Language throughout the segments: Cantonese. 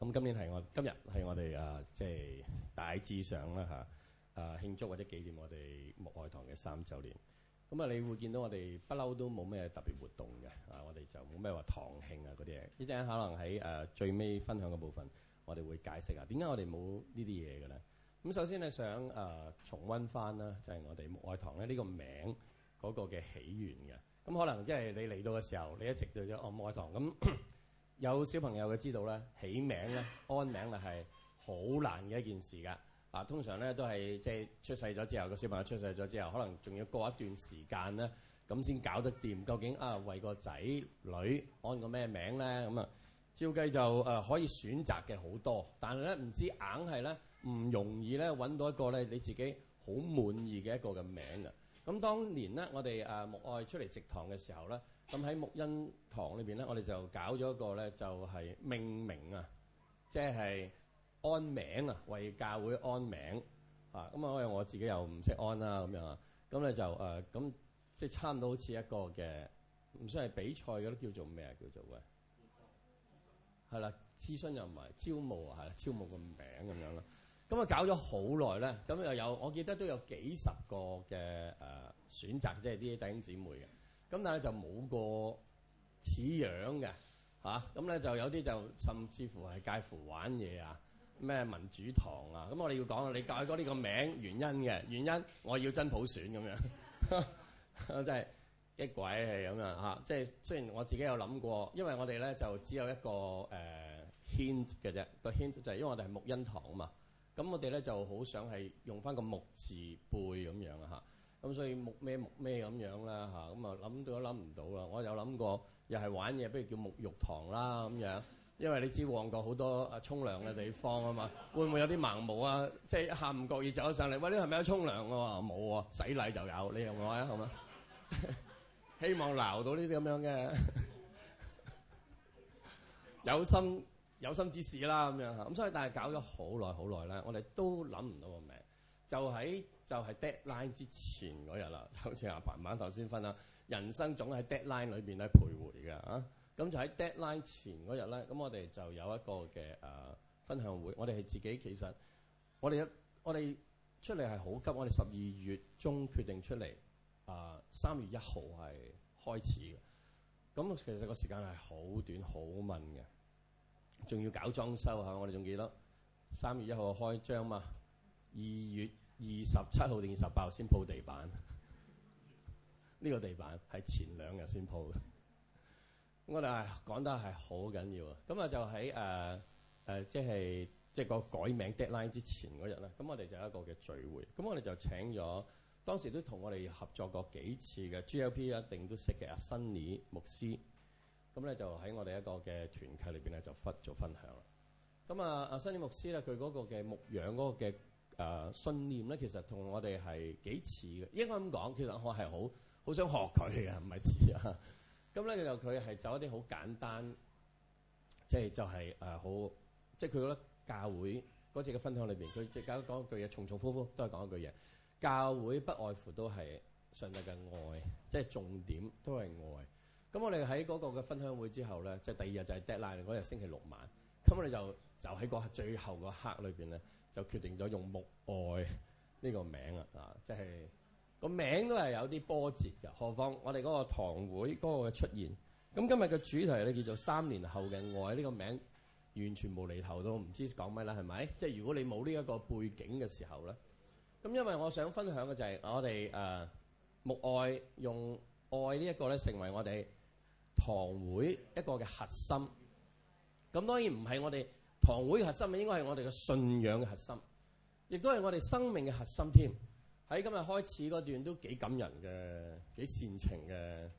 咁今年係我今日係我哋啊，即係大致上啦吓，啊慶祝或者紀念我哋木愛堂嘅三周年。咁啊，你會見到我哋不嬲都冇咩特別活動嘅，啊我哋就冇咩話堂慶啊嗰啲嘢。呢陣可能喺誒最尾分享嘅部分，我哋會解釋啊，點解我哋冇呢啲嘢嘅咧？咁首先咧，想誒重溫返啦，就係我哋木愛堂咧呢個名嗰個嘅起源嘅。咁可能即係你嚟到嘅時候，你一直對咗哦木愛堂咁。有小朋友嘅知道咧，起名咧，安名咧係好難嘅一件事㗎。啊，通常咧都係即係出世咗之後，個小朋友出世咗之後，可能仲要過一段時間咧，咁先搞得掂。究竟啊，為個仔女安個咩名咧？咁啊，照計就誒可以選擇嘅好多，但係咧唔知硬係咧唔容易咧揾到一個咧你自己好滿意嘅一個嘅名啊。咁當年咧，我哋誒木愛出嚟植堂嘅時候咧。咁喺沐恩堂裏邊咧，我哋就搞咗一個咧，就係命名啊，即係安名啊，為教會安名啊。咁啊，因為我自己又唔識安啦，咁樣啊，咁咧就誒咁即係差唔多好似一個嘅，唔算係比賽嘅，都叫做咩啊？叫做嘅，係啦，諮詢又唔係招募啊，係啦，招募個名咁樣啦。咁啊，搞咗好耐咧，咁又有，我記得都有幾十個嘅誒選擇，即係啲弟兄姊妹嘅。咁但係就冇個似樣嘅嚇，咁、啊、咧，就有啲就甚至乎係介乎玩嘢啊，咩民主堂啊，咁我哋要講，你改過呢個名原因嘅原因，我要真普選咁、啊啊啊、樣，真係激鬼氣咁樣，即係雖然我自己有諗過，因為我哋咧就只有一個誒嘅啫，呃、hint 個軒就係因為我哋係木恩堂啊嘛，咁我哋咧就好想係用翻個木字背咁樣啊咁所以木咩木咩咁樣啦嚇，咁啊諗到都諗唔到啦。我有諗過，又係玩嘢，不如叫沐浴堂啦咁樣。因為你知旺角好多啊沖涼嘅地方啊嘛，會唔會有啲盲毛啊？即係一下唔覺意走咗上嚟，喂，呢度係咪有沖涼㗎喎？冇喎，洗禮就有你同我啊，係嘛？ 希望撈到呢啲咁樣嘅有心有心之士啦咁樣嚇。咁所以但係搞咗好耐好耐咧，我哋都諗唔到個名，就喺。就係 deadline 之前嗰日啦，好似阿凡晚頭先分啦，人生總喺 deadline 裏邊咧徘徊嘅啊，咁就喺 deadline 前嗰日咧，咁我哋就有一個嘅、啊、分享會，我哋係自己其實我哋我哋出嚟係好急，我哋十二月中決定出嚟，啊、三月一號係開始嘅，咁其實個時間係好短好敏嘅，仲要搞裝修吓，我哋仲記得三月一號係開張嘛，二月。二十七號定二十八號先鋪地板，呢個地板係前兩日先鋪。我哋係講得係好緊要啊！咁啊就喺誒誒，即係即係個改名 deadline 之前嗰日啦。咁我哋就有一個嘅聚會，咁我哋就請咗當時都同我哋合作過幾次嘅 G L P 一定都識嘅阿新尼牧師。咁咧就喺我哋一個嘅團契裏邊咧就忽咗分享啦。咁啊阿新尼牧師咧，佢嗰個嘅牧養嗰個嘅。誒信念咧，其實同我哋係幾似嘅。應該咁講，其實我係好好想學佢嘅，唔係似啊。咁咧就佢係走一啲好簡單，即係就係誒好。即係佢覺得教會嗰次嘅分享裏面，佢即係講一句嘢，重重復復都係講一句嘢。教會不外乎都係上帝嘅愛，即係重點都係愛。咁我哋喺嗰個嘅分享會之後咧，即係第二日就係 Deadline 嗰日星期六晚，咁我哋就就喺個最後嗰刻裏面咧。就決定咗用木愛呢個名啦，啊、就是，即係個名都係有啲波折嘅，何況我哋嗰個堂會嗰個嘅出現，咁今日嘅主題咧叫做三年後嘅愛呢、這個名，完全無厘頭都唔知講咩啦，係咪？即、就、係、是、如果你冇呢一個背景嘅時候咧，咁因為我想分享嘅就係我哋誒、啊、木愛用愛呢一個咧成為我哋堂會一個嘅核心，咁當然唔係我哋。堂會核心啊，應該係我哋嘅信仰核心，亦都係我哋生命嘅核心添。喺今日開始嗰段都幾感人嘅，幾煽情嘅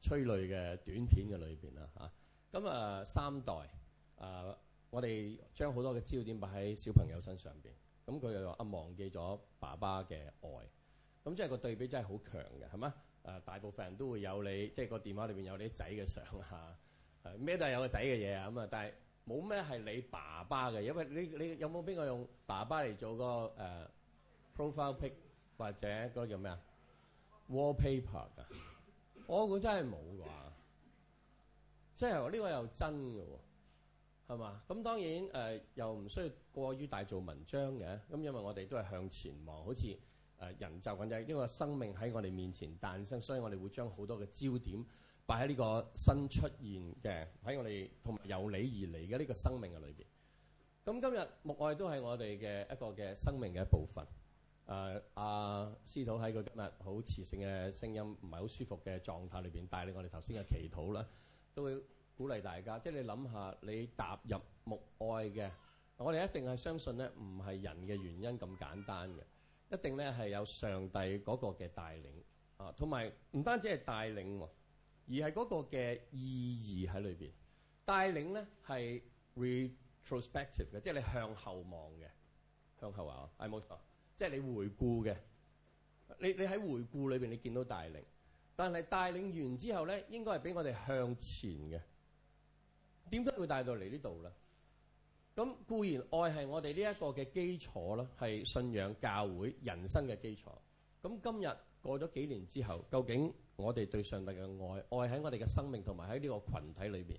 催淚嘅短片嘅裏邊啦嚇。咁啊，啊三代啊，我哋將好多嘅焦點擺喺小朋友身上邊，咁佢又話啊忘記咗爸爸嘅愛，咁即係個對比真係好強嘅，係嘛？誒、啊、大部分人都會有你，即係個電話裏邊有你仔嘅相嚇，誒、啊、咩都係有個仔嘅嘢啊咁啊，但係。冇咩係你爸爸嘅，因為你你有冇邊個用爸爸嚟做個誒、uh, profile pic 或者嗰啲叫咩啊 wallpaper 㗎？我估真係冇㗎，即係呢個又真㗎喎，係嘛？咁當然誒、呃、又唔需要過於大做文章嘅，咁因為我哋都係向前望，好似誒人就咁就，係呢個生命喺我哋面前誕生，所以我哋會將好多嘅焦點擺喺呢個新出現嘅喺我哋同埋由你而嚟嘅呢個生命嘅裏邊。咁今日牧愛都係我哋嘅一個嘅生命嘅一部分。誒、呃，阿、啊、司徒喺佢今日好磁性嘅聲音，唔係好舒服嘅狀態裏邊帶領我哋頭先嘅祈禱啦，都會鼓勵大家。即係你諗下，你踏入牧愛嘅，我哋一定係相信咧，唔係人嘅原因咁簡單嘅，一定咧係有上帝嗰個嘅帶領啊。同埋唔單止係帶領。而係嗰個嘅意義喺裏邊，帶領咧係 retrospective 嘅，即係你向後望嘅，向後望啊！係冇錯，即係你回顧嘅。你你喺回顧裏邊，你見到帶領，但係帶領完之後咧，應該係俾我哋向前嘅。點解會帶到嚟呢度咧？咁固然愛係我哋呢一個嘅基礎啦，係信仰、教會、人生嘅基礎。咁今日過咗幾年之後，究竟？我哋對上帝嘅愛，愛喺我哋嘅生命同埋喺呢個群體裏邊，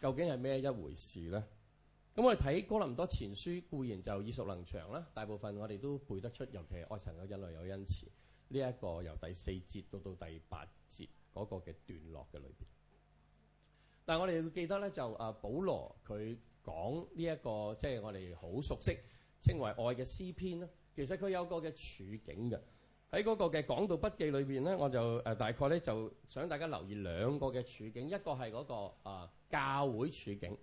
究竟係咩一回事咧？咁我哋睇哥林多前書固然就耳熟能詳啦，大部分我哋都背得出，尤其係愛神有因、來有恩慈呢一、這個由第四節到到第八節嗰個嘅段落嘅裏邊。但係我哋要記得咧，就啊保羅佢講呢一個即係、就是、我哋好熟悉稱為愛嘅詩篇咧，其實佢有一個嘅處境嘅。喺嗰個嘅《講道筆記》裏邊咧，我就誒大概咧就想大家留意兩個嘅處境，一個係嗰、那個啊、呃、教會處境，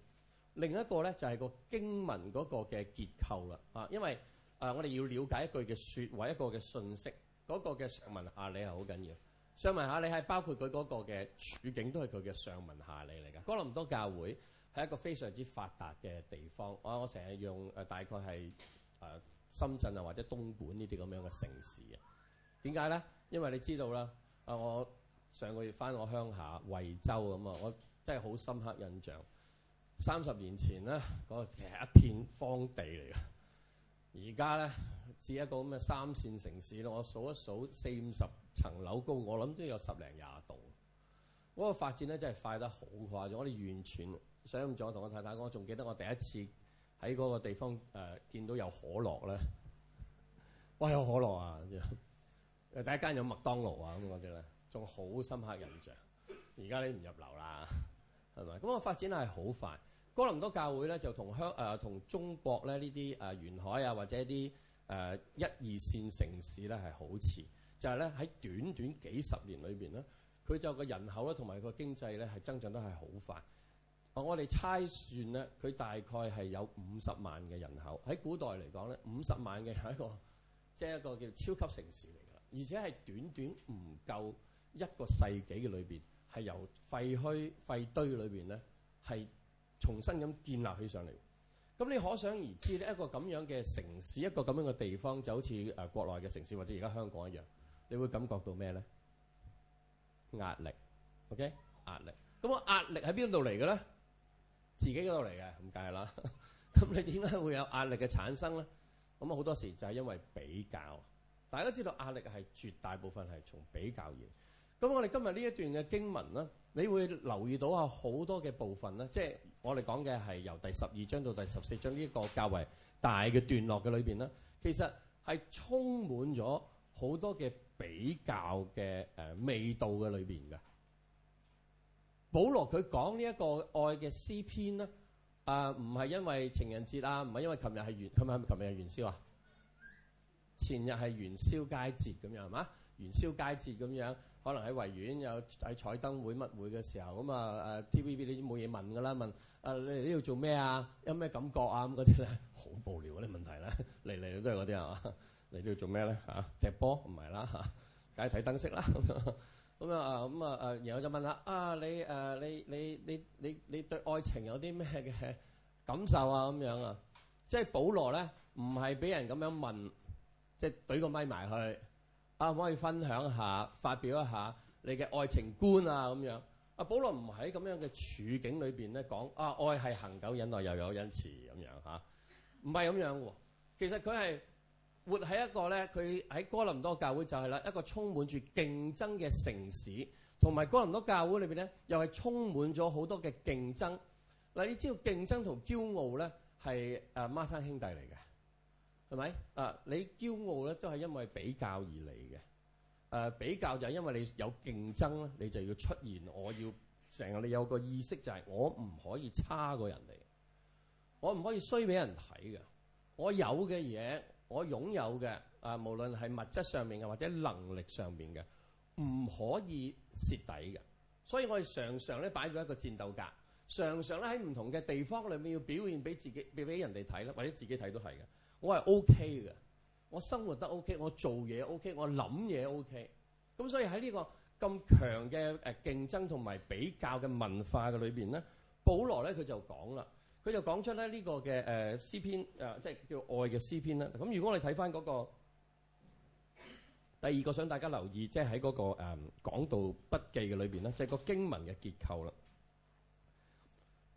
另一個咧就係、是、個經文嗰個嘅結構啦。啊，因為誒、呃、我哋要了解一句嘅説話，一個嘅信息嗰、那個嘅上文下理係好緊要。上文下理係包括佢嗰個嘅處境，都係佢嘅上文下理嚟噶。哥林多教會係一個非常之發達嘅地方，我我成日用誒大概係誒深圳啊或者東莞呢啲咁樣嘅城市啊。點解咧？因為你知道啦，啊！我上個月翻我鄉下惠州咁啊，我真係好深刻印象。三十年前咧，嗰個其實一片荒地嚟嘅，而家咧至一個咁嘅三線城市咯。我數一數，四五十層樓高，我諗都有十零廿度。嗰、嗰個發展咧真係快得好快，我哋完全想唔到。同我太太講，我仲記得我第一次喺嗰個地方誒、呃、見到有可樂咧，哇！有可樂啊！ 誒第一間有麥當勞啊，咁嗰啲咧，仲好深刻印象。而家你唔入流啦，係咪咁？個發展係好快。哥林多教會咧就同香誒同中國咧呢啲誒沿海啊，或者啲誒一二線城市咧係好似，就係咧喺短短幾十年裏邊咧，佢就個人口咧同埋個經濟咧係增長得係好快。我哋猜算咧，佢大概係有五十萬嘅人口喺古代嚟講咧，五十萬嘅係一個即係、就是、一個叫超級城市嚟。而且係短短唔夠一個世紀嘅裏邊，係由廢墟、廢堆裏邊咧，係重新咁建立起上嚟。咁你可想而知呢一個咁樣嘅城市，一個咁樣嘅地方，就好似誒國內嘅城市或者而家香港一樣，你會感覺到咩咧？壓力，OK？壓力。咁啊，壓力喺邊度嚟嘅咧？自己嗰度嚟嘅，咁梗係啦。咁 你點解會有壓力嘅產生咧？咁啊，好多時就係因為比較。大家知道壓力係絕大部分係從比較嚟。咁我哋今日呢一段嘅經文咧，你會留意到啊，好多嘅部分咧，即係我哋講嘅係由第十二章到第十四章呢一個較為大嘅段落嘅裏邊咧，其實係充滿咗好多嘅比較嘅誒味道嘅裏邊嘅。保羅佢講呢一個愛嘅詩篇啦，誒唔係因為情人節啊，唔係因為琴日係元，佢係咪琴日係元宵啊？前日係元宵佳節咁樣係嘛？元宵佳節咁樣，可能喺維園有喺彩燈會乜會嘅時候咁啊，誒 T.V.B. 你冇嘢問㗎啦，問誒、啊、你嚟呢度做咩啊？有咩感覺啊？咁嗰啲咧好無聊嗰啲問題咧嚟嚟都係嗰啲係嘛？嚟呢度做咩咧嚇？踢波唔係啦嚇，梗係睇燈飾啦咁樣 啊咁啊誒、啊啊、然後就問下啊你誒、啊、你、啊、你你你你對愛情有啲咩嘅感受啊咁樣啊？即係保羅咧唔係俾人咁樣問。即係懟個咪埋去，啊可以分享下，發表一下你嘅愛情觀啊咁樣。阿保羅唔喺咁樣嘅處境裏面咧講，啊愛係恒久忍耐又有恩慈咁樣吓，唔係咁樣喎。其實佢係活喺一個咧，佢喺哥林多教會就係啦一個充滿住競爭嘅城市，同埋哥林多教會裏面咧又係充滿咗好多嘅競爭。嗱，你知道競爭同驕傲咧係誒孖生兄弟嚟嘅。係咪啊？你驕傲咧，都係因為比較而嚟嘅。誒，比較就係因為你有競爭咧，你就要出現。我要成日你有個意識就係，就係我唔可以差過人哋，我唔可以衰俾人睇嘅。我有嘅嘢，我擁有嘅啊，無論係物質上面嘅或者能力上面嘅，唔可以蝕底嘅。所以我哋常常咧擺咗一個戰鬥格，常常咧喺唔同嘅地方裏面要表現俾自己，俾俾人哋睇，或者自己睇都係嘅。我係 OK 嘅，我生活得 OK，我做嘢 OK，我諗嘢 OK。咁所以喺呢個咁強嘅誒競爭同埋比較嘅文化嘅裏邊咧，保羅咧佢就講啦，佢就講出咧呢個嘅誒詩篇，誒即係叫愛嘅詩篇啦。咁如果我哋睇翻嗰個第二個，想大家留意，即係喺嗰個誒講道筆記嘅裏邊咧，即係個經文嘅結構啦。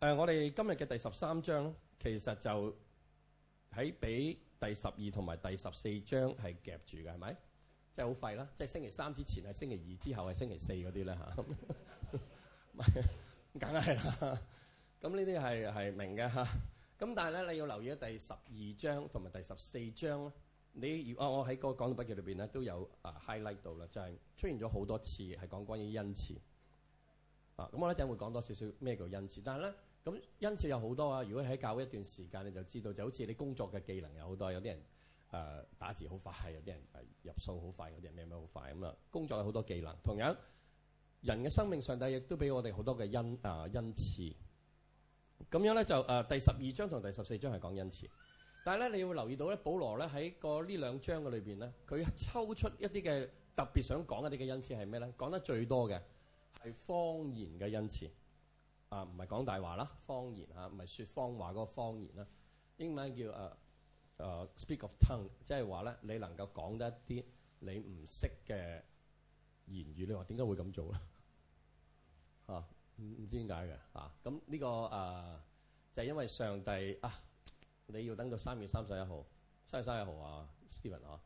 誒，我哋今日嘅第十三章，其實就喺俾第十二同埋第十四章係夾住嘅，係咪？即係好廢啦！即係星期三之前係星期二之後係星期四嗰啲咧吓？唔係、嗯，梗係啦。咁呢啲係係明嘅吓。咁但係咧，你要留意咗第十二章同埋第十四章咧。你、哦、我我喺個講到筆記裏邊咧都有啊 highlight 度啦，就係、是、出現咗好多次係講關於恩賜。啊，咁我一陣會講多少少咩叫恩賜，但係咧。咁恩賜有好多啊！如果喺教一段時間，你就知道，就好似你工作嘅技能有好多，有啲人打字好快，有啲人入數好快，有啲人咩咩好快咁啊！工作有好多技能，同樣人嘅生命，上帝亦都俾我哋好多嘅恩啊恩賜。咁樣咧就、啊、第十二章同第十四章係講恩賜，但係咧你要留意到咧，保羅咧喺個呢兩章嘅裏邊咧，佢抽出一啲嘅特別想講一啲嘅恩賜係咩咧？講得最多嘅係方言嘅恩賜。啊，唔係講大話啦，方言啊，唔係説謊話嗰個方言啦。英文叫誒誒、uh, uh, speak of tongue，即係話咧，你能夠講得一啲你唔識嘅言語，你話點解會咁做咧？嚇，唔唔知點解嘅啊？咁、嗯、呢、啊這個誒、啊、就係、是、因為上帝啊，你要等到三月三十一號，三月三十一號啊，Steven 啊，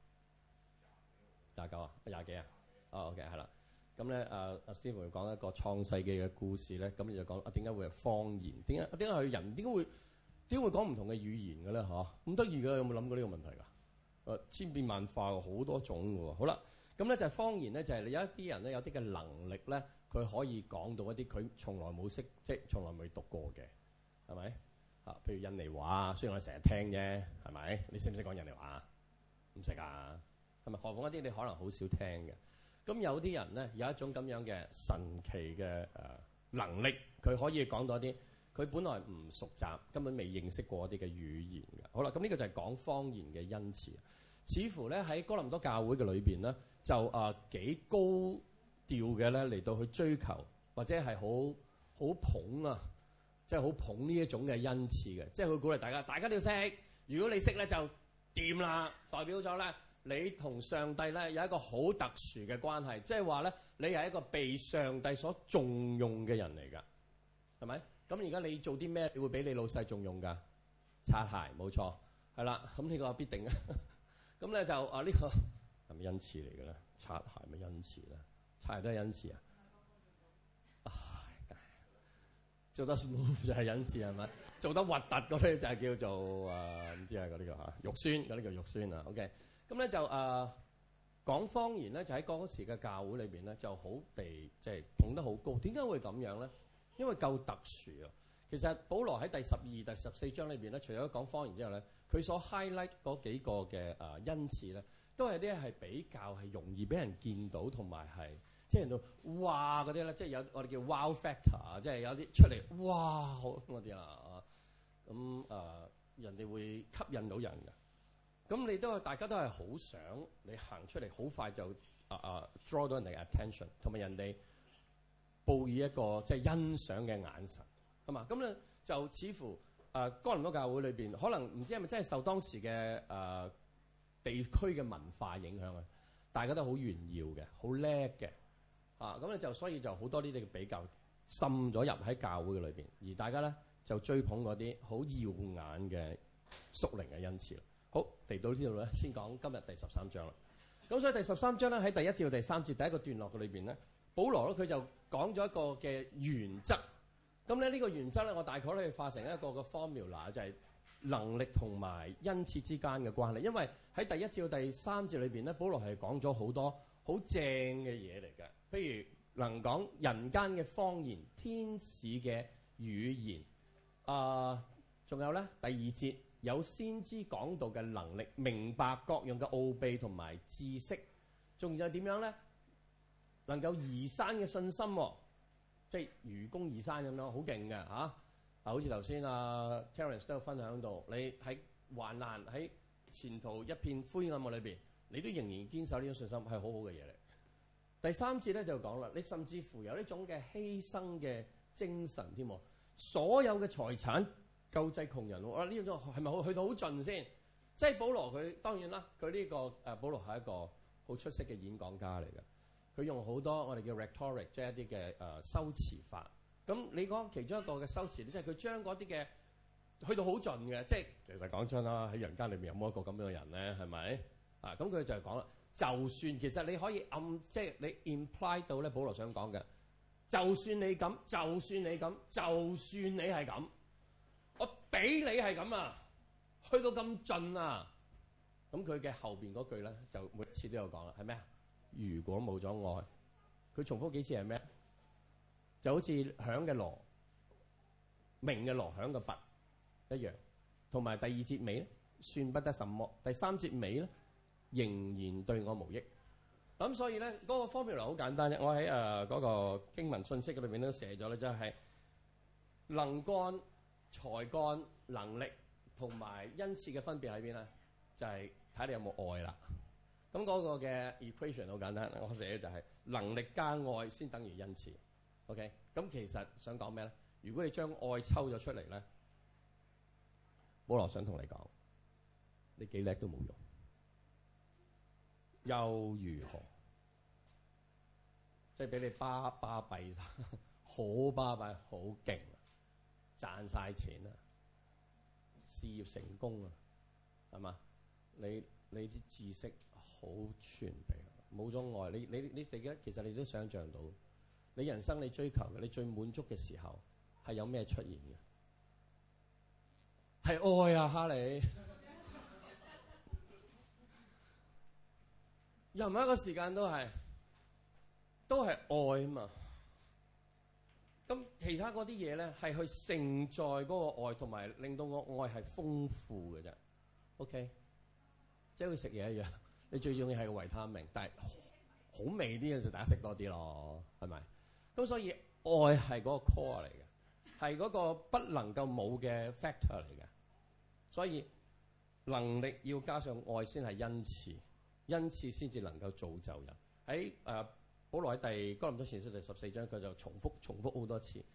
廿九啊，廿幾啊？啊 OK 係啦。Okay, 咁咧，阿阿 Steven 講一個創世記嘅故事咧，咁你就講啊，點解會係方言？點解點解佢人點解會點會講唔同嘅語言嘅咧？咁得意嘅，有冇諗過呢個問題㗎、啊？千變萬化，好多種嘅喎。好啦，咁咧就係方言咧，就係、你、有一啲人咧，有啲嘅能力咧，佢可以講到一啲佢從來冇識，即係從來冇讀過嘅，係咪？啊，譬如印尼話雖雖然我哋成日聽啫，係咪？你識唔識講印尼話？唔識啊？係咪？何況一啲你可能好少聽嘅。咁有啲人咧，有一種咁樣嘅神奇嘅能力，佢可以講到一啲，佢本來唔熟習，根本未認識過一啲嘅語言嘅。好啦，咁呢個就係講方言嘅恩賜。似乎咧喺哥林多教會嘅裏面咧，就、啊、幾高調嘅咧嚟到去追求，或者係好好捧啊，即係好捧呢一種嘅恩賜嘅，即係佢鼓勵大家，大家都要識。如果你識咧就掂啦，代表咗咧。你同上帝咧有一個好特殊嘅關係，即係話咧，你係一個被上帝所重用嘅人嚟噶，係咪？咁而家你做啲咩你會俾你老細重用噶？擦鞋，冇錯，係啦。咁呢個必定的 啊。咁咧就啊呢個咪恩賜嚟嘅咧？擦鞋咪恩賜咧？擦鞋都係恩賜啊！ 做得舒服就係恩賜係咪？ 做得核突嗰啲就係叫做啊唔知啊嗰啲叫嚇肉酸嗰啲叫肉酸啊。這個、啊酸酸 OK。咁咧就誒講方言咧，就喺嗰時嘅教會裏邊咧，就好被即係、就是、捧得好高。點解會咁樣咧因為夠特殊啊！其實保羅喺第十二、第十四章裏邊咧，除咗講方言之後咧，佢所 highlight 嗰幾個嘅誒恩賜咧，都係啲係比較係容易俾人見到，同埋係即係到哇嗰啲咧，即係有我哋叫 wow factor 啊，即係有啲出嚟哇好嗰啲啦啊！咁誒人哋會吸引到人嘅咁你都大家都係好想你行出嚟，好快就啊啊、uh, uh, draw 到人哋 attention，同埋人哋報以一個即係、就是、欣賞嘅眼神，係嘛？咁咧就似乎啊，哥林多教會裏面，可能唔知係咪真係受當時嘅誒、呃、地區嘅文化影響啊？大家都好炫耀嘅，好叻嘅啊！咁咧就所以就好多呢啲比較滲咗入喺教會嘅裏面，而大家咧就追捧嗰啲好耀眼嘅屬靈嘅恩賜。好，嚟到呢度咧，先講今日第十三章啦。咁所以第十三章咧，喺第一至第三節第一個段落嘅裏面咧，保羅咧佢就講咗一個嘅原則。咁咧呢個原則咧，我大概可以化成一個嘅 formula，就係能力同埋恩賜之間嘅關係。因為喺第一至第三節裏面咧，保羅係講咗好多好正嘅嘢嚟嘅。譬如能講人間嘅方言、天使嘅語言，啊、呃，仲有咧第二節。有先知講道嘅能力，明白各樣嘅奧秘同埋知識，仲有係點樣咧？能夠移山嘅信心，哦，即係愚公移山咁樣，好勁嘅嚇。啊，好似頭先啊 Terence 都有分享到，你喺患難喺前途一片灰暗嘅裏邊，你都仍然堅守呢種信心，係好好嘅嘢嚟。第三節咧就講啦，你甚至乎有呢種嘅犧牲嘅精神添，所有嘅財產。救濟窮人，我呢樣係咪好去到好盡先？即係保羅佢當然啦，佢呢、呢個保羅係一個好出色嘅演講家嚟嘅。佢用好多我哋叫 rhetoric，即係一啲嘅誒修辭法。咁你講其中一個嘅修辭，即係佢將嗰啲嘅去到好盡嘅。即係其實講真啦，喺人間裏面有冇一個咁樣嘅人咧？係咪啊？咁佢就係講啦，就算其實你可以暗即係你 imply 到咧，保羅想講嘅，就算你咁，就算你咁，就算你係咁。俾你係咁啊，去到咁盡啊，咁佢嘅後邊嗰句咧就每一次都有講啦，係咩啊？如果冇咗愛，佢重複幾次係咩？就好似響嘅鑼鳴嘅鑼響嘅鈸一樣，同埋第二節尾咧算不得什麼，第三節尾咧仍然對我無益。咁所以咧嗰個 Formula 好簡單嘅。我喺誒嗰個經文信息嘅裏面都寫咗咧，就係、是、能幹。」才幹能力同埋恩賜嘅分別喺邊咧？就係、是、睇你有冇愛啦。咁嗰個嘅 equation 好簡單，我寫就係能力加愛先等於恩賜。OK，咁其實想講咩咧？如果你將愛抽咗出嚟咧，保羅想同你講，你幾叻都冇用，又如何？即係俾你巴巴閉曬，好巴閉，好勁。好賺晒錢啦，事業成功啊，係嘛？你你啲知識好全備，冇咗愛。你你你哋嘅其實你都想像到，你人生你追求嘅，你最滿足嘅時候係有咩出現嘅？係愛啊，哈利！任何 一個時間都係，都係愛啊嘛。咁其他嗰啲嘢咧，係去盛載嗰個愛，同埋令到個愛係豐富嘅啫。OK，即係佢食嘢一樣，你最重要係個維他命，但係好，好味啲嘅就大家食多啲咯，係咪？咁所以愛係嗰個 call 嚟嘅，係嗰個不能夠冇嘅 factor 嚟嘅。所以能力要加上愛先係恩賜，恩賜先至能夠造就人喺誒。好耐，第《哥林多前書》第十四章，佢就重複重複好多次。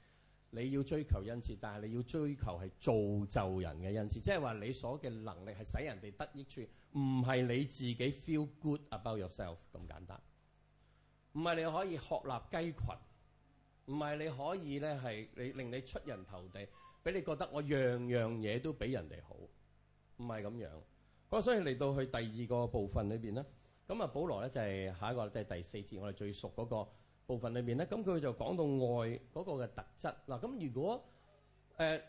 你要追求恩賜，但係你要追求係造就人嘅恩賜，即係話你所嘅能力係使人哋得益處，唔係你自己 feel good about yourself 咁簡單。唔係你可以學立雞群，唔係你可以咧係你令你出人頭地，俾你覺得我樣樣嘢都比人哋好，唔係咁樣。咁所以嚟到去第二個部分裏面咧。咁啊，保羅咧就係下一個，即係第四節我哋最熟嗰個部分裏面咧，咁佢就講到愛嗰個嘅特質。嗱，咁如果誒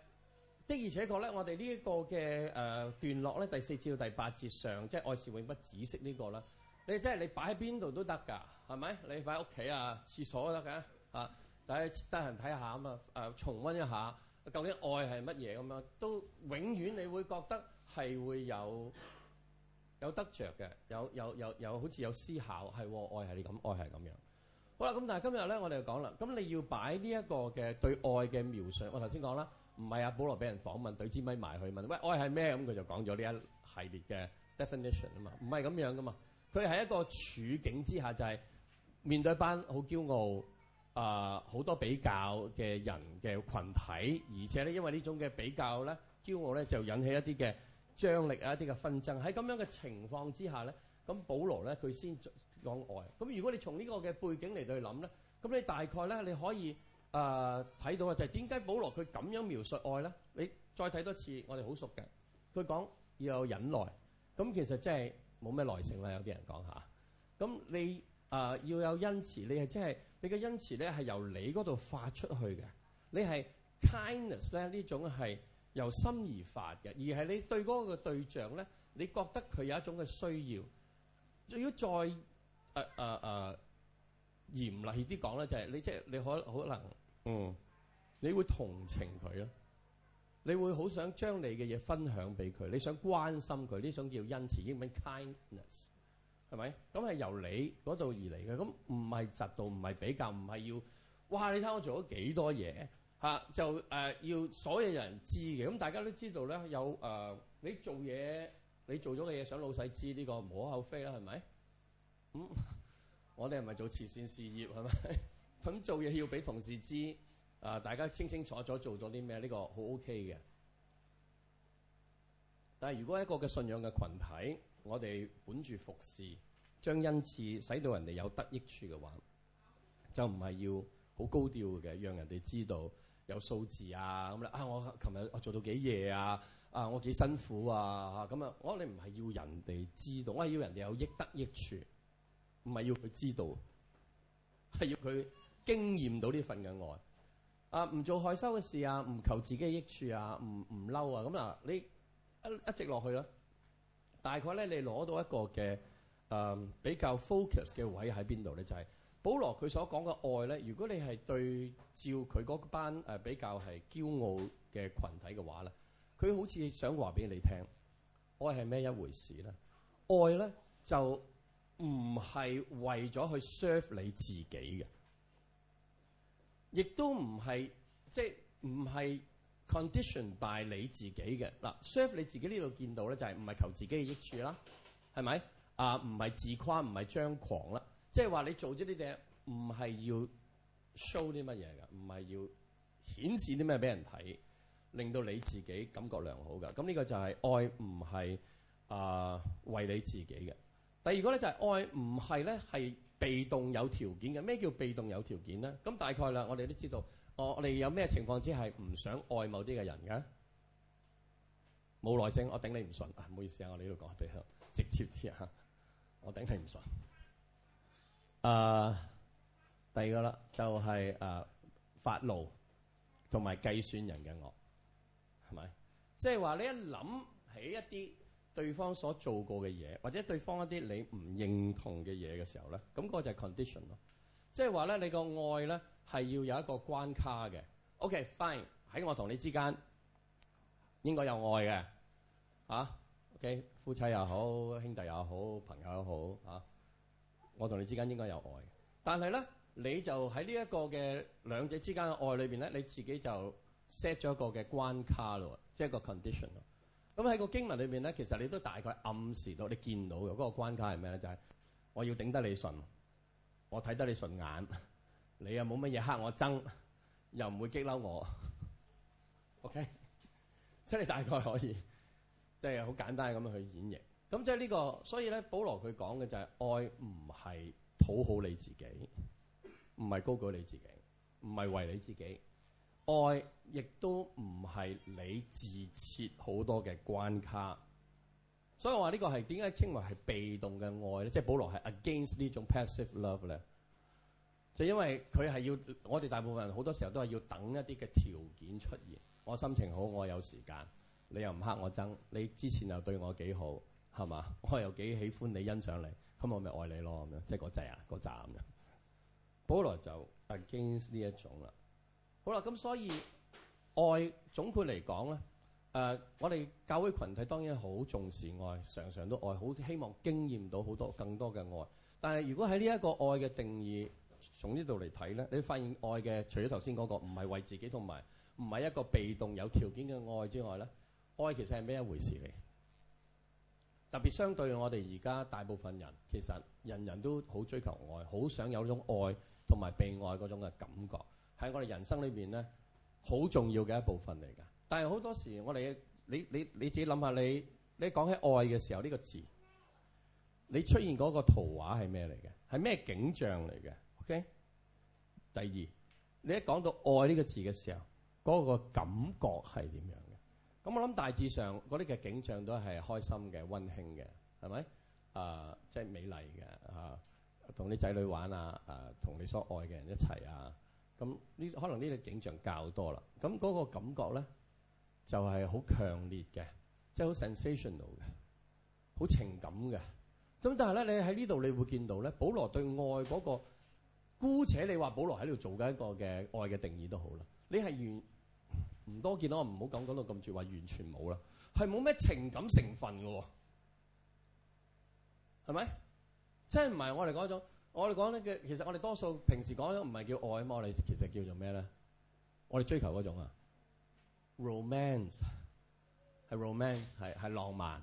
的而且確咧，我哋呢一個嘅誒段落咧，第四節到第八節上，即係愛是永不止息呢個啦。你即係你擺喺邊度都得㗎，係咪？你擺喺屋企啊、廁所都得㗎啊！大家得閒睇下咁啊，誒重溫一下，究竟愛係乜嘢咁樣？都永遠你會覺得係會有。有得着嘅，有有有有好似有思考，係愛係你咁，愛係咁樣。好啦，咁但係今日咧，我哋就講啦，咁你要擺呢一個嘅對愛嘅描述。我頭先講啦，唔係阿保羅俾人訪問，對支咪埋去問，喂愛係咩？咁佢就講咗呢一系列嘅 definition 啊嘛，唔係咁樣噶嘛。佢係一個處境之下，就係面對班好驕傲啊好、呃、多比較嘅人嘅群體，而且咧因為呢種嘅比較咧，驕傲咧就引起一啲嘅張力啊，一啲嘅紛爭喺咁樣嘅情況之下咧，咁保羅咧佢先講愛。咁如果你從呢個嘅背景嚟到去諗咧，咁你大概咧你可以誒睇，呃、到嘅就係點解保羅佢咁樣描述愛咧？你再睇多次，我哋好熟嘅。佢講要有忍耐，咁其實真係冇咩耐性啦。有啲人講吓，咁你誒，呃、要有恩慈，你係真係你嘅恩慈咧係由你嗰度發出去嘅，你係 kindness 咧呢種係。由心而發嘅，而係你對嗰個對象咧，你覺得佢有一種嘅需要。如果再誒誒誒嚴厲啲講咧，就係、是、你即係你可可能，嗯，你會同情佢咯，你會好想將你嘅嘢分享俾佢，你想關心佢呢種叫恩慈，英文 kindness，係咪？咁係由你嗰度而嚟嘅，咁唔係嫉妒，唔係比較，唔係要，哇！你睇我做咗幾多嘢？啊！就誒、啊、要所有人知嘅，咁大家都知道咧，有誒你做嘢，你做咗嘅嘢想老細知，呢、呢個無可厚非啦，係咪？咁、嗯、我哋係咪做慈善事業，係咪？咁做嘢要俾同事知，啊大家清清楚楚做咗啲咩，呢、呢個好 OK 嘅。但係如果一個嘅信仰嘅群體，我哋本住服侍，將恩賜使到人哋有得益處嘅話，就唔係要好高調嘅，讓人哋知道。有數字啊咁啊！我琴日我做到幾夜啊啊！我幾辛苦啊咁啊！我你唔係要人哋知道，我係要人哋有益得益處，唔係要佢知道，係要佢經驗到呢份嘅愛啊！唔做害羞嘅事啊！唔求自己嘅益處啊！唔唔嬲啊！咁啊，你一一直落去啦，大概咧你攞到一個嘅、嗯、比較 focus 嘅位喺邊度咧，就係、是。保羅佢所講嘅愛咧，如果你係對照佢嗰班誒比較係驕傲嘅群體嘅話咧，佢好似想話俾你聽，愛係咩一回事咧？愛咧就唔係為咗去 serve 你自己嘅，亦都唔係即係唔係 condition by 你自己嘅嗱。serve 你自己呢度見到咧就係唔係求自己嘅益處啦，係咪啊？唔係自誇，唔係張狂啦。即係話你做咗呢啲嘢，唔係要 show 啲乜嘢㗎，唔係要顯示啲咩俾人睇，令到你自己感覺良好㗎。咁呢個就係愛唔係啊為你自己嘅。第二個咧就係愛唔係咧係被動有條件嘅。咩叫被動有條件咧？咁大概啦，我哋都知道，哦、我哋有咩情況之下係唔想愛某啲嘅人㗎？冇耐性，我頂你唔順啊！唔好意思啊，我哋呢度講得比較直接啲啊，我頂你唔順。誒、uh, 第二個啦，就係誒發怒同埋計算人嘅惡，係咪？即係話你一諗起一啲對方所做過嘅嘢，或者對方一啲你唔認同嘅嘢嘅時候咧，咁、那個就係 condition 咯。即係話咧，你個愛咧係要有一個關卡嘅。OK，fine，okay，喺我同你之間應該有愛嘅嚇、啊。OK，夫妻又好，兄弟又好，朋友又好嚇。啊，我同你之間應該有愛，但係咧，你就喺呢一個嘅兩者之間嘅愛裏面咧，你自己就 set 咗一個嘅關卡咯，即係個 condition 咯。咁喺個經文裏面咧，其實你都大概暗示到，你見到嘅嗰個關卡係咩咧？就係我要頂得你順，我睇得你順眼，你又冇乜嘢黑我憎，又唔會激嬲我。 OK，即 係你大概可以即係好簡單咁去演繹。咁即係呢個，所以咧，保羅佢講嘅就係愛唔係討好你自己，唔係高舉你自己，唔係為你自己。愛亦都唔係你自設好多嘅關卡。所以我話呢個係點解稱為係被動嘅愛咧？即係保羅係 against 呢種 passive love 咧，就因為佢係要我哋大部分人好多時候都係要等一啲嘅條件出現。我心情好，我有時間，你又唔黑我憎，你之前又對我幾好。係嘛？我又幾喜歡你，欣賞你，咁我咪愛你咯，咁樣，即係嗰隻啊，嗰隻嘅。保羅就 against 呢一種啦。好啦，咁所以愛總括嚟講咧，誒、呃，我哋教會群體當然好重視愛，常常都愛，好希望經驗到好多更多嘅愛。但係如果喺呢一個愛嘅定義，從呢度嚟睇咧，你發現愛嘅除咗頭先嗰個，唔係為自己，同埋唔係一個被動有條件嘅愛之外咧，愛其實係咩一回事嚟？特別相對我哋而家大部分人，其實人人都好追求愛，好想有一種愛同埋被愛嗰種嘅感覺，喺我哋人生裏邊咧，好重要嘅一部分嚟噶。但係好多時我哋，你你你自己諗下，你你講起愛嘅時候呢個字，你出現嗰個圖畫係咩嚟嘅？係咩景象嚟嘅？OK。第二，你一講到愛呢個字嘅時候，嗰個感覺係點樣？咁我諗大致上嗰啲嘅景象都係開心嘅、溫馨嘅，係咪？啊，即係美麗嘅，同啲仔女玩啊，啊，同你所愛嘅人一齊啊，咁、啊、呢？可能呢個景象較多啦。咁嗰個感覺咧，就係、是、好強烈嘅，即、就、係、是、好 sensational 嘅，好情感嘅。咁但係咧，你喺呢度你會見到咧，保羅對愛嗰、那個，姑且你話保羅喺度做緊一個嘅愛嘅定義都好啦，你係完。唔多見到，我唔好講講到咁絕話，完全冇啦，係冇咩情感成分嘅喎，係咪？即係唔係我哋嗰種，我哋講呢嘅，其實我哋多數平時講唔係叫愛嘛，我哋其實叫做咩咧？我哋追求嗰種啊，romance 係 romance 係浪漫，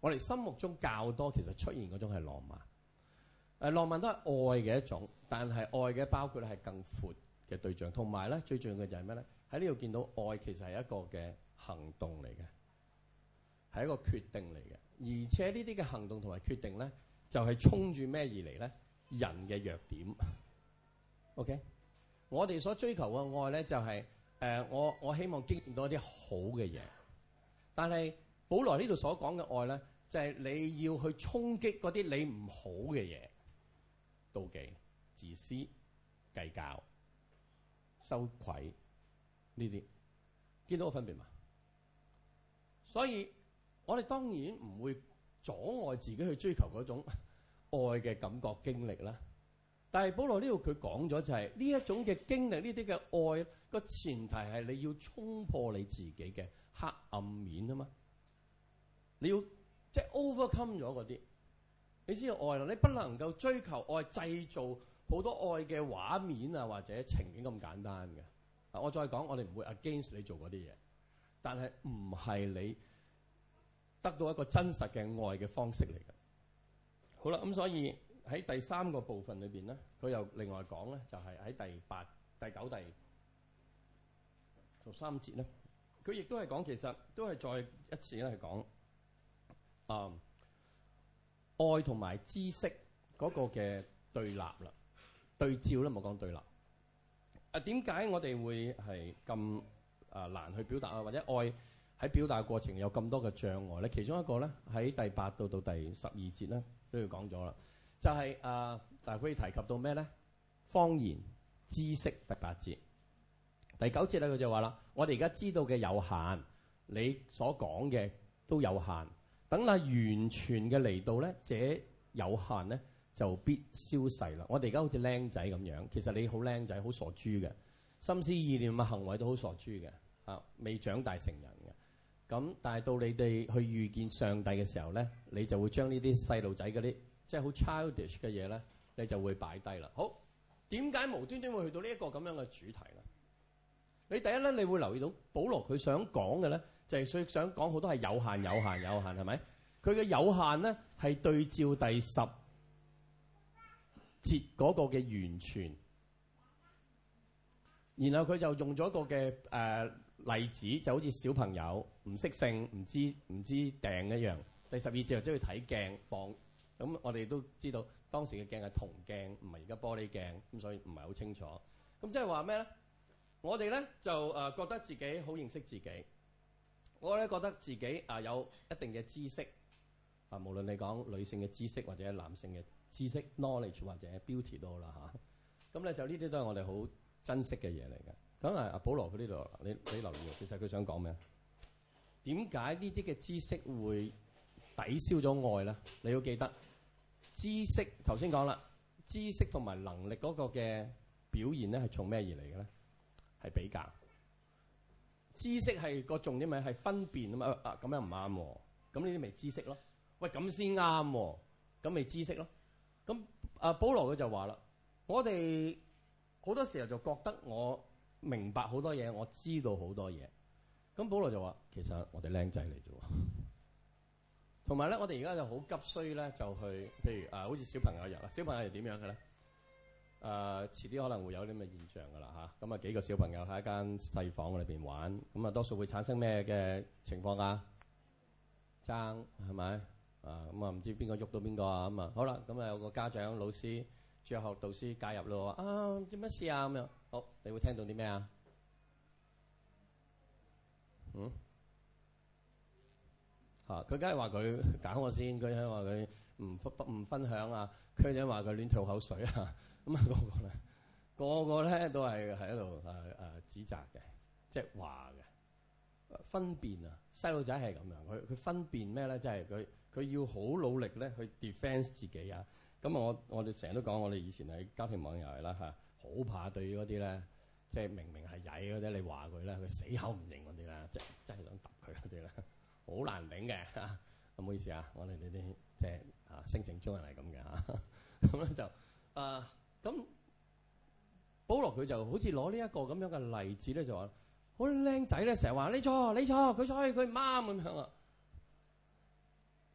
我哋心目中較多其實出現嗰種係浪漫，浪漫都係愛嘅一種，但係愛嘅包括係更闊嘅對象，同埋咧最重要嘅就係咩咧？喺呢度見到愛其實係一個嘅行動嚟嘅，係一個決定嚟嘅，而且呢啲嘅行動同埋決定咧，就係、是、衝住咩而嚟咧？人嘅弱點。OK，我哋所追求嘅愛咧，就係、是、誒、呃、我我希望經驗到一啲好嘅嘢，但係保羅呢度所講嘅愛咧，就係、是、你要去衝擊嗰啲你唔好嘅嘢，妒忌、自私、計較、羞愧。呢啲見到個分別嘛？所以我哋當然唔會阻礙自己去追求嗰種愛嘅感覺經歷啦。但係保羅呢度佢講咗就係、是、呢一種嘅經歷，呢啲嘅愛個前提係你要衝破你自己嘅黑暗面啊嘛！你要即係、就是、overcome 咗嗰啲，你先有愛啦。你不能夠追求愛，製造好多愛嘅畫面啊，或者情景咁簡單嘅。我再講，我哋唔會 against 你做嗰啲嘢，但係唔係你得到一個真實嘅愛嘅方式嚟嘅。好啦，咁所以喺第三個部分裏邊咧，佢又另外講咧，就係喺第八、第九、第十三節咧，佢亦都係講其實都係再一次咧係講啊愛同埋知識嗰個嘅對立啦，對照啦，冇講對立。啊，點解我哋會係咁啊難去表達啊？或者愛喺表達過程有咁多嘅障礙咧？其中一個咧，喺第八到到第十二節咧都要講咗啦。就係、是、啊，大可以提及到咩咧？方言知識第八節，第九節咧，佢就話啦：，我哋而家知道嘅有限，你所講嘅都有限。等啊，完全嘅嚟到咧，這有限咧。就必消逝啦！我哋而家好似僆仔咁樣，其實你好僆仔，好傻豬嘅心思意念，行為都好傻豬嘅啊，未長大成人嘅咁。但係到你哋去遇見上帝嘅時候咧，你就會將呢啲細路仔嗰啲，即係好 childish 嘅嘢咧，你就會擺低啦。好，點解無端端會去到呢一個咁樣嘅主題咧？你第一咧，你會留意到保羅佢想講嘅咧，就係最想講好多係有，有，有限、有限、有限係咪？佢嘅有限咧係對照第十。截嗰個嘅完全，然後佢就用咗一個嘅、啊、例子，就好似小朋友唔識性、唔知唔知定一樣。第十二節又將佢睇鏡放，咁我哋都知道當時嘅鏡係銅鏡，唔係而家玻璃鏡，咁所以唔係好清楚。咁即係話咩咧？我哋咧就誒覺得自己好認識自己，我咧覺得自己啊有一定嘅知識啊，無論你講女性嘅知識或者男性嘅知識。知識 knowledge 或者 Beauty 都好啦嚇，咁咧就呢啲都係我哋好珍惜嘅嘢嚟嘅。咁啊，阿保羅佢呢度，你你留意其實佢想講咩？點解呢啲嘅知識會抵消咗愛咧？你要記得知識頭先講啦，知識同埋能力嗰個嘅表現咧係從咩而嚟嘅咧？係比較知識，係個重點咪係分辨啊嘛？啊，咁樣唔啱喎，咁呢啲咪知識咯？喂，咁先啱喎，咁咪知識咯？咁阿、啊、保羅佢就話啦，我哋好多時候就覺得我明白好多嘢，我知道好多嘢。咁保羅就話，其實我哋靚仔嚟啫。同埋咧，我哋而家就好急需咧，就去，譬如啊，好似小朋友入啊，小朋友係點樣嘅咧？誒、啊，遲啲可能會有啲咁嘅現象噶啦吓。咁啊，幾個小朋友喺一間細房裏邊玩，咁啊，多數會產生咩嘅情況啊？爭，係咪？嗯嗯、不知道啊，咁啊，唔知邊個喐到邊個啊？咁啊，好啦，咁、嗯、啊有個家長、老師、著學導師介入啦，話啊做乜事啊？咁、嗯、樣，好，你會聽到啲咩啊？嗯？嚇、啊，佢梗係話佢搞我先，佢係話佢唔分唔分享啊，佢又話佢亂吐口水啊，咁啊個個咧，個個咧都係喺度誒誒指責嘅，即係話嘅分辨啊，細路仔係咁樣，佢佢分辨咩咧？即係佢。佢要好努力咧去 defence 自己明明啊！咁啊，我我哋成日都講，我哋以前係家庭網入嚟啦嚇，好怕對嗰啲咧，即係明明係曳嗰啲，你話佢咧，佢死口唔認嗰啲啦，即係真係想揼佢嗰啲啦好難頂嘅嚇。咁唔好意思啊，我哋呢啲即係啊性情中人係咁嘅嚇。咁、啊、咧就啊咁，保羅佢就好似攞呢一個咁樣嘅例子咧，就話好靚仔咧，成日話你錯你錯，佢錯佢啱咁樣啊！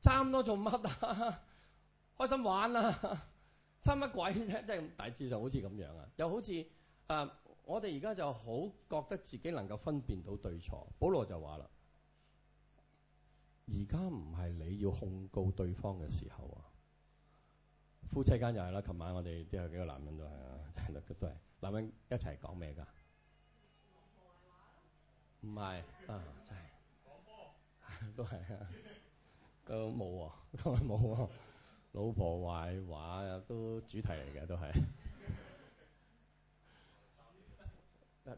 差唔多做乜啊？開心玩啊！差乜鬼啫啊？即係大致上好似咁樣啊！又好似啊，我哋而家就好覺得自己能夠分辨到對錯。保羅就話啦，而家唔係你要控告對方嘅時候啊，夫妻間又係啦，琴晚我哋都有幾個男人都係啊，都係男人一齊講咩噶？唔係啊，真係都係啊！個冇喎，個冇喎，老婆壞話都主題嚟嘅，都係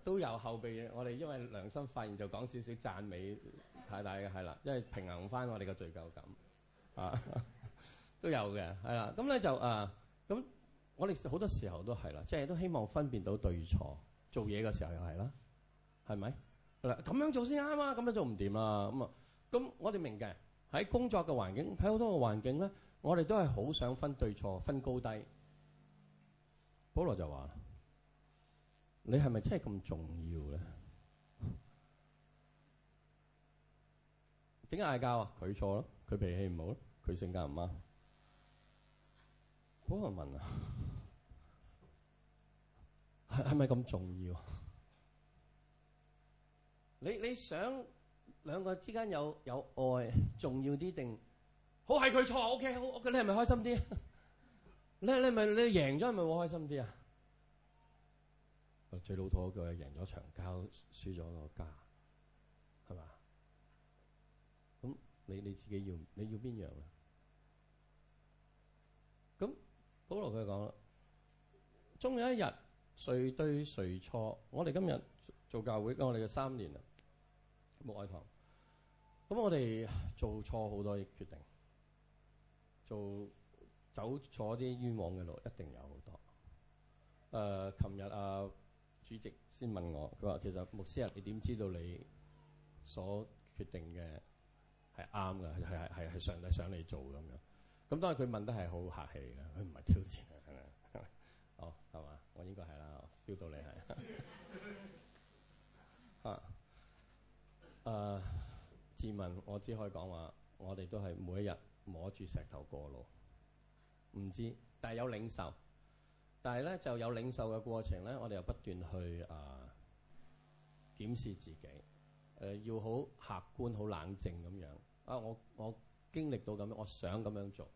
都有後備嘅。我哋因為良心發現，就講少少讚美太大嘅係啦，因為平衡翻我哋嘅罪疚感啊，都有嘅係啦。咁咧就啊，咁我哋好多時候都係啦，即係都希望分辨到對錯做嘢嘅時候又係啦，係咪嗱咁樣做先啱啊？咁樣做唔掂啊？咁啊咁我哋明嘅。喺工作嘅環境，喺好多嘅環境咧，我哋都係好想分對錯、分高低。保羅就話：你係咪真係咁重要咧？點解嗌交啊？佢錯咯，佢脾氣唔好咯，佢性格唔啱。保羅問啊：係係咪咁重要？你你想？兩個之間有有愛重要啲定好係佢錯？O K 好，是 OK，好 OK，你係咪開心啲？ 你你咪你贏咗係咪會開心啲啊？最老土一句，贏咗場交，輸咗個家，係嘛？咁你你自己要你要邊樣啊？咁保羅佢講啦，終有一日誰對誰錯。我哋今日做教會，我哋嘅三年啊，牧愛堂。咁我哋做錯好多決定，做走錯啲冤枉嘅路，一定有好多。誒、呃，琴日啊，主席先問我，佢話：其實牧師啊，你點知道你所決定嘅係啱嘅？係係係上帝想你做咁樣。咁當然佢問得係好客氣嘅，佢唔係挑戰啊。 哦，係嘛？我應該係啦，feel 到你係。 啊，誒、呃。自問，我只可以講話，我哋都係每一日摸住石頭過路，唔知，但係有領受。但係咧，就有領受嘅過程咧，我哋又不斷去啊、呃、檢視自己。誒、呃，要好客觀、好冷靜咁樣啊！我我經歷到咁樣，我想咁樣做。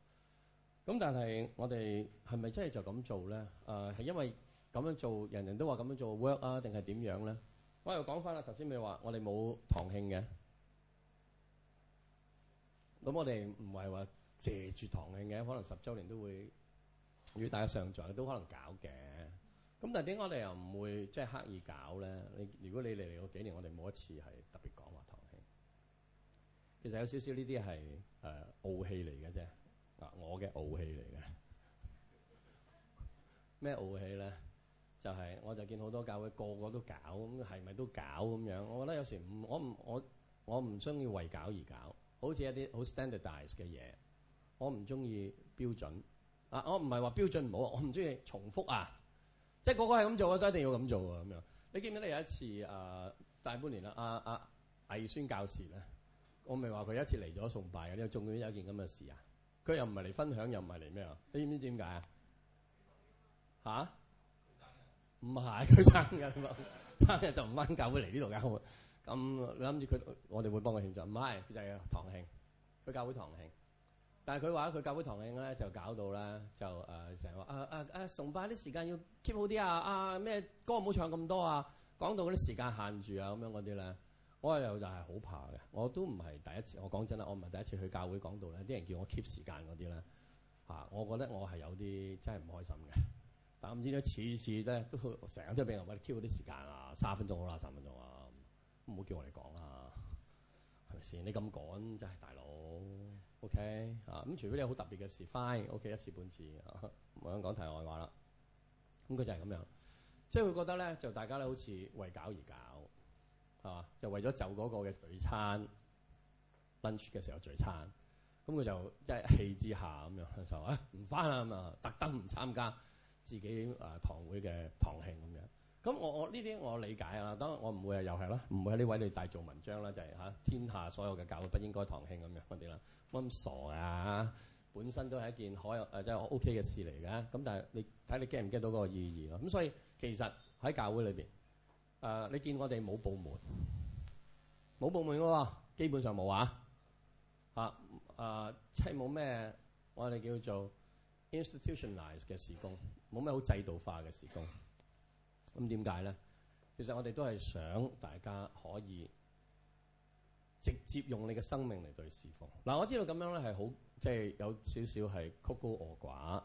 咁但係，我哋係咪真係就咁做咧？誒，係因為咁樣做，人人都話咁樣做 work 啊，定係點樣咧？我又講返啦，頭先你話我哋冇堂慶嘅。咁我哋唔係話借住堂慶嘅，可能十週年都會要大家上場，都可能搞嘅。咁但係點解我哋又唔會即係刻意搞咧？你如果你嚟嚟過幾年，我哋冇一次係特別講話堂慶。其實有少少呢啲係誒傲氣嚟嘅啫，啊我嘅傲氣嚟嘅。咩傲氣咧？就係、是、我就見好多教會個個都搞，咁係咪都搞咁樣？我覺得有時唔我唔我我唔中意為搞而搞。好似一啲好 standardize 嘅嘢，我唔中意標準啊！我唔係話標準唔好，我唔中意重複啊！即係個個係咁做，我真係一定要咁做啊。咁樣。你記唔記得有一次誒、呃、大半年啦，阿、啊、阿、啊、魏宣教士咧，我咪話佢一次嚟咗崇拜嘅，因為中間有一件咁嘅事啊。佢又唔係嚟分享，又唔係嚟咩啊？你知唔知點解啊？嚇生日？唔係佢生日，生日就唔揾教會嚟呢度教會噶。咁你諗住佢，我哋會幫佢慶祝？唔係，佢就係堂慶，佢教會堂慶。但係佢話佢教會堂慶咧，就搞到咧就誒成日話啊啊啊，崇拜啲時間要 keep 好啲啊！啊咩歌唔好唱咁多啊！講道嗰啲時間限住啊，咁樣嗰啲咧，我又就係好怕嘅。我都唔係第一次，我講真啦，我唔係第一次去教會講道咧，啲人叫我 keep 時間嗰啲咧嚇，我覺得我係有啲真係唔開心嘅。但係唔知咧，次次咧都成日都俾人話 keep 啲時間啊，三分鐘好啦，三分鐘啊。唔好叫我哋講啊，係咪先？你咁講真係大佬，OK 啊？咁除非你有好特別嘅事，翻，OK 一次半次啊。唔好講題外話啦。咁佢就係咁樣，即係佢覺得咧，就大家咧好似為搞而搞，係嘛？就為咗就嗰個嘅聚餐，lunch 嘅時候聚餐，咁佢就一氣之下咁樣就啊唔翻啦咁啊，特登唔參加自己堂會嘅堂慶咁樣。咁我我呢啲我理解啊，當然我唔會啊，又係啦，唔會喺呢位你大做文章啦，就係吓，天下所有嘅教會不應該堂兄堂慶咁樣嗰啲啦，咁傻啊？本身都係一件可有即係 OK 嘅事嚟嘅，咁但係你睇你 get 唔 get 到嗰個意義咯？咁所以其實喺教會裏面、啊，你見我哋冇部門，冇部門嘅喎，基本上冇啊，啊即係冇咩我哋叫做 institutionalized 嘅事工，冇咩好制度化嘅事工。咁點解咧？其實我哋都係想大家可以直接用你嘅生命嚟對侍奉嗱。我知道咁樣咧係好，即係有少少係曲高鵠寡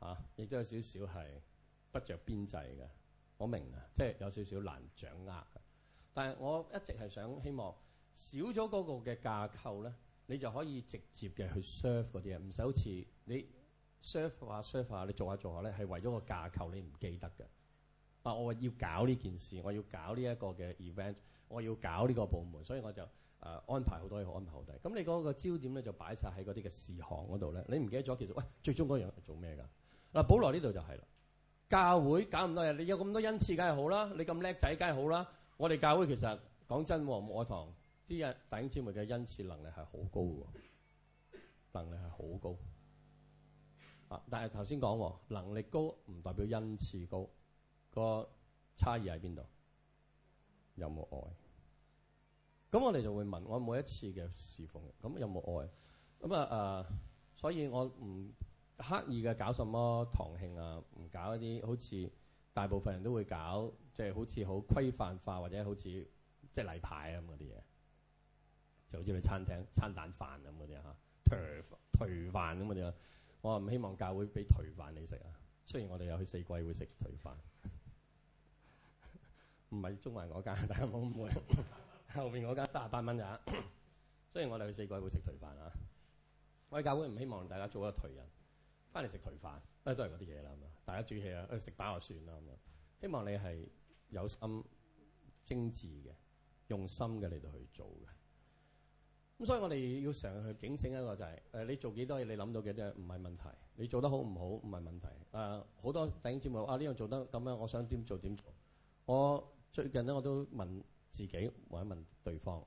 和嚇，亦都有少少係不著邊際嘅。我明啊，即係有少少難掌握。但係我一直係想希望少咗嗰個嘅架構咧，你就可以直接嘅去 serve 嗰啲嘢，唔使好似你 serve 下、啊、serve 下、啊，你做下、啊、做下咧係為咗個架構，你唔記得嘅。我話要搞呢件事，我要搞呢一個嘅、e、event，我要搞呢個部門，所以我就誒安排好多嘢，安排好啲咁。咁你嗰個焦點咧就擺晒喺嗰啲嘅事項嗰度咧。你唔記得咗，其實喂最終嗰樣係做咩㗎？嗱，保羅呢度就係、係、啦，教會搞咁多嘢，你有咁多恩賜，梗係好啦。你咁叻仔，梗係好啦。我哋教會其實講真喎，黃愛堂啲人弟兄姊妹嘅恩賜能力係好高㗎，能力係好高啊。但係頭先講能力高唔代表恩賜高。個差異喺邊度？有冇愛？咁我哋就會問我每一次嘅侍奉，咁有冇愛？咁啊誒，所以我唔刻意嘅搞什麼堂慶啊，唔搞一啲好似大部分人都會搞，即係好似好規範化或者好似即係例牌咁嗰啲嘢，就好似你餐廳餐蛋飯咁嗰啲吓，頹飯，頹飯咁嗰啲啊，我唔希望教會俾頹飯你食啊。雖然我哋有去四季會食頹飯。唔係中環嗰間，大家冇誤會。後邊嗰間三十八蚊咋。雖然我哋去四個會食頹飯啊，我哋教會唔希望大家做一個頹人，翻嚟食頹飯，都係嗰啲嘢啦。咁大家注意下，食飽就算啦。咁啊，希望你係有心、精緻嘅、用心嘅嚟到去做嘅。咁所以我哋要常去警醒一個就係：誒，你做幾多嘢？你諗到嘅都唔係問題。你做得好唔好唔係問題。誒、啊，好多頂節目啊！呢樣做得咁樣，我想點做點做。我。最近咧，我都問自己或者問對方，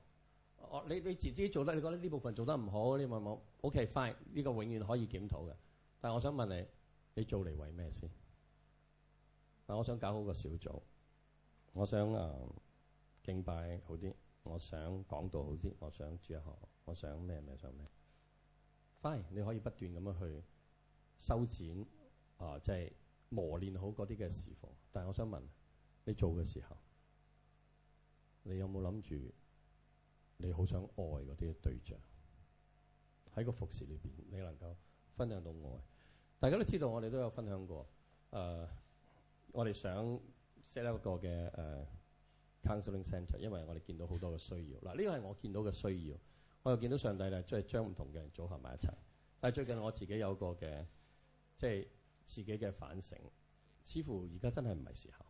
哦，你你自己做得，你覺得呢部分做得唔好，你問我。OK，fine，呢個永遠可以檢討嘅。但係我想問你，你做嚟為咩先？我想搞好個小組，我想啊敬拜好啲，我想講道好啲，我想主日學，我想咩咩想咩。Fine，你可以不斷咁樣去修剪啊，即係磨練好嗰啲嘅時課。但係我想問你做嘅時候。你有冇諗住？你好想愛嗰啲對象喺個服侍裏邊，你能夠分享到愛。大家都知道，我哋都有分享過。呃、我哋想 set 一個嘅、呃、counseling center，因為我哋見到好多嘅需要。嗱，呢個係我見到嘅需要。我又見到上帝咧，即係將唔同嘅人組合埋一齊。但係最近我自己有個嘅，即係自己嘅反省，似乎而家真係唔係時候。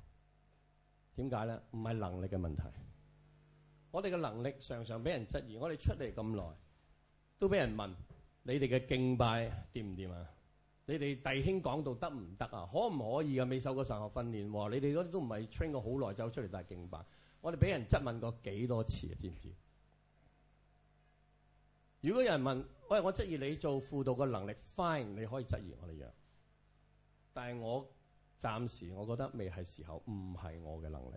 點解咧？唔係能力嘅問題。我哋嘅能力常常俾人質疑，我哋出嚟咁耐都俾人問你哋嘅敬拜掂唔掂啊？你哋弟兄講道得唔得啊？可唔可以啊？未受過神學訓練喎，你哋嗰啲都唔係 train 過好耐走出嚟帶敬拜。我哋俾人質問過幾多次啊？知唔知？如果有人問，喂，我質疑你做輔導嘅能力 fine，你可以質疑我哋樣，但係我暫時我覺得未係時候，唔係我嘅能力。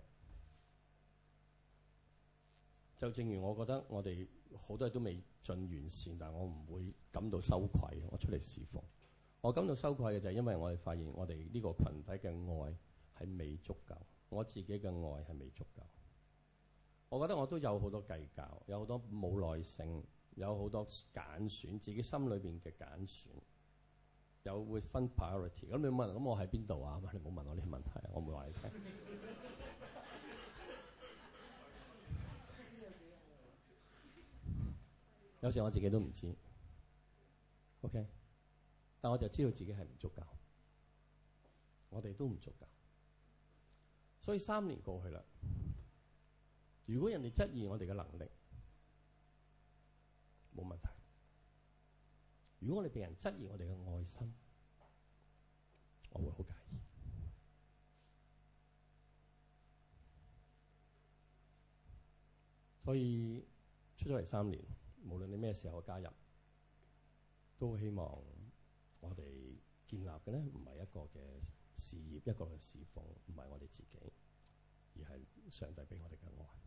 就正如我覺得，我哋好多嘢都未盡完善，但我唔會感到羞愧。我出嚟侍奉，我感到羞愧嘅就係因為我哋發現我哋呢個群體嘅愛係未足夠，我自己嘅愛係未足夠。我覺得我都有好多計較，有好多冇耐性，有好多揀選，自己心裏面嘅揀選，有會分 priority。咁你問，咁我喺邊度啊？你唔好問我呢啲問題，我唔會話你聽。 有時我自己都唔知，OK，但我就知道自己係唔足夠，我哋都唔足夠，所以三年過去啦。如果人哋質疑我哋嘅能力，冇問題；如果我哋被別人質疑我哋嘅愛心，我會好介意。所以出咗嚟三年。無論你咩時候加入，都希望我哋建立嘅咧，唔係一個嘅事業，一個嘅事奉，唔係我哋自己，而係上帝俾我哋嘅愛。